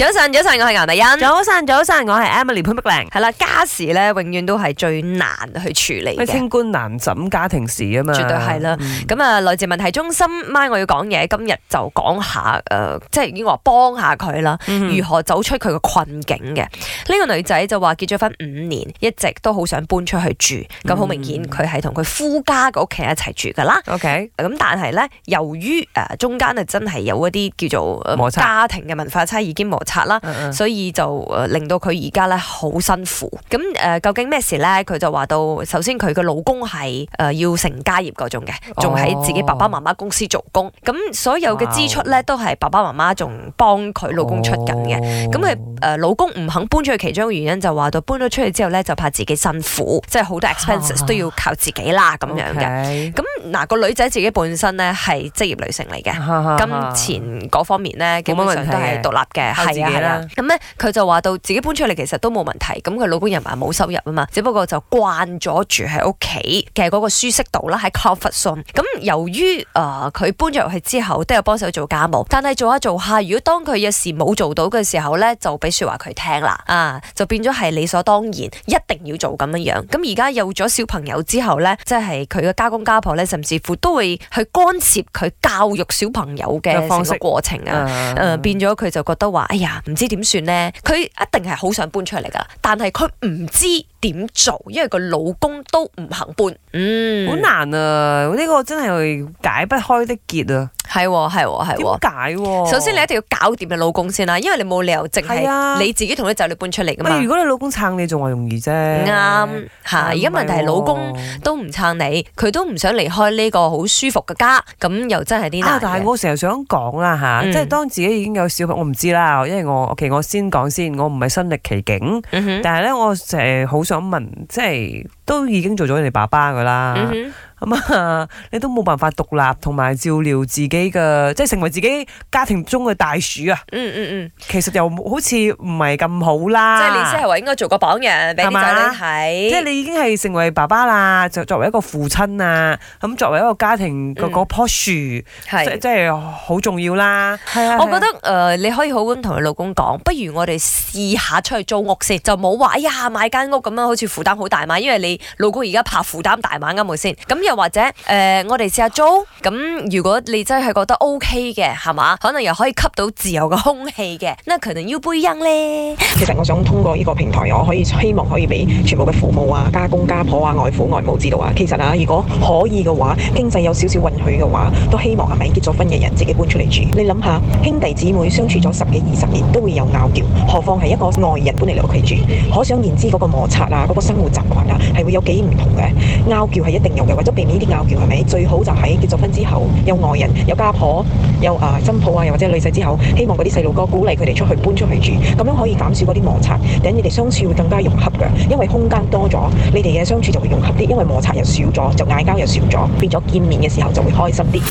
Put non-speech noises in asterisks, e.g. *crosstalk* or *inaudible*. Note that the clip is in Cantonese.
早晨，早晨，我係顏麗欣。早晨，早晨，我係 Emily 潘碧玲。係啦，家事咧，永遠都係最難去處理嘅。清官難審家庭事啊嘛，絕對係啦。咁啊、嗯，來、呃、自問題中心，MY，我要講嘢。今日就講下，誒、呃，即係已經話幫下佢啦，嗯、如何走出佢嘅困境嘅。呢、這個女仔就話結咗婚五年，一直都好想搬出去住。咁好、嗯、明顯，佢係同佢夫家個屋企一齊住噶啦。OK。咁但係咧，由於誒、呃、中間啊真係有一啲叫做家庭嘅文化差異，已經啦，嗯嗯，所以就誒令到佢而家咧好辛苦。咁誒、呃，究竟咩事咧？佢就話到，首先佢嘅老公係誒、呃、要成家業嗰種嘅，仲喺自己爸爸媽媽公司做工。咁所有嘅支出咧都係爸爸媽媽仲幫佢老公出緊嘅。咁佢誒老公唔肯搬出去，其中嘅原因就話到搬咗出去之後咧，就怕自己辛苦，即係好多 expenses 都要靠自己啦咁、啊、樣嘅。咁、okay 嗱，啊嗰個女仔自己本身咧係職業女性嚟嘅， *laughs* 金錢嗰方面咧基本上都係獨立嘅，係啦。咁咧佢就話到自己搬出嚟其實都冇問題。咁佢老公又唔係冇收入啊嘛，只不過就慣咗住喺屋企嘅嗰個舒適度啦，喺 comfort zone。咁由於誒佢、呃、搬咗入去之後，都有幫手做家務，但係做下做下，如果當佢有事冇做到嘅時候咧，就俾説話佢聽啦。啊，就變咗係理所當然，一定要做咁樣樣。咁而家有咗小朋友之後咧，即係佢嘅家公家婆咧。甚至乎都會去干涉佢教育小朋友嘅成個過程啊，誒方式，呃、變咗佢就覺得話，哎呀，唔知點算呢？佢一定係好想搬出嚟噶但係佢唔知點做，因為個老公都唔肯搬，嗯，好難啊，呢、這個真係解不開的結啊。係喎，係喎、哦，係喎、哦。點解、哦？首先你一定要搞掂你老公先啦，因為你冇理由淨係你自己同你仔女搬出嚟噶嘛。啊、如果你老公撐你，仲話容易啫。啱對，嚇、啊！而家問題係、哦、老公都唔撐你，佢都唔想離開呢個好舒服嘅家，咁又真係啲難、啊。但係我成日想講啦嚇，即係、嗯、當自己已經有小朋友，我唔知啦，因為我 OK，我先講先，我唔係身歷其境，嗯、哼但係咧我成日好想問，即係都已經做咗你爸爸噶啦。嗯。咁啊， *laughs* 你都冇辦法獨立同埋照料自己嘅，即係成為自己家庭中嘅大樹啊、嗯！嗯嗯嗯，其實又好似唔係咁好啦。即係你先係話應該做個榜樣俾仔女睇。即係你已經係成為爸爸啦，就作為一個父親啊，咁作為一個家庭嘅嗰棵樹，嗯、是即係好重要啦。係啊，我覺得誒，啊啊、你可以好咁同你老公講，不如我哋試下出去租屋先，就冇話哎呀買間屋咁樣，好似負擔好大嘛。因為你老公而家怕負擔大嘛，啱咪先？咁又又或者，誒、呃，我哋試下租。咁如果你真係覺得 OK 嘅，係嘛，可能又可以吸到自由嘅空氣嘅。那佢能要背煙呢。其實我想通過呢個平台，我可以希望可以俾全部嘅父母啊、家公家婆啊、外父外母知道啊。其實啊，如果可以嘅話，經濟有少少允許嘅話，都希望係咪結咗婚嘅人自己搬出嚟住。你諗下，兄弟姊妹相處咗十幾二十年，都會有拗撬，何況係一個外人搬嚟你屋企住。Mm hmm. 可想而知嗰個摩擦啊，嗰、那個生活習慣啊，係會有幾唔同嘅，拗撬係一定有嘅，或者。呢啲拗撬係咪最好就喺結咗婚之後有外人，有家婆有啊、呃、新抱啊又或者女婿之後，希望嗰啲細路哥，鼓勵佢哋出去搬出去住，咁樣可以減少嗰啲摩擦，等你哋相處會更加融洽嘅。因為空間多咗，你哋嘅相處就會融洽啲，因為摩擦又少咗，就嗌交，又少咗，變咗見面嘅時候就會開心啲。